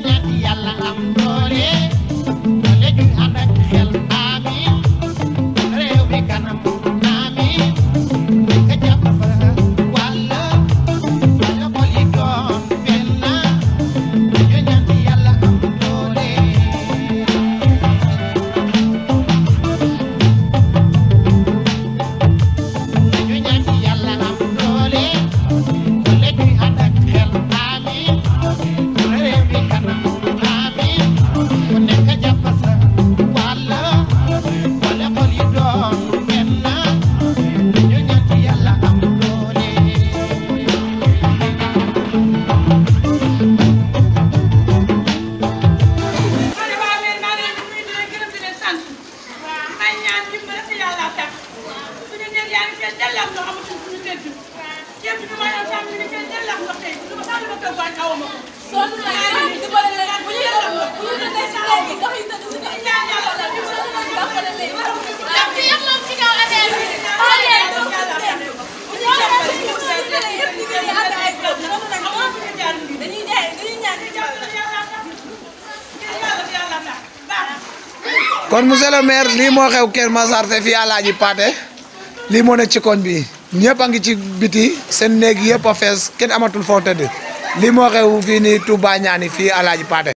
ñetti yàlla am doole mel jàllaat kon monsieur le lii moo xew Kër Massar te fii Paate lii moo nekk ci koñ bi ñëpp a ngi ci biti seen néeg yëpp a fees kenn amatul foo tëdd lii moo xew fii nii Touba Niani fii Alaaji Paate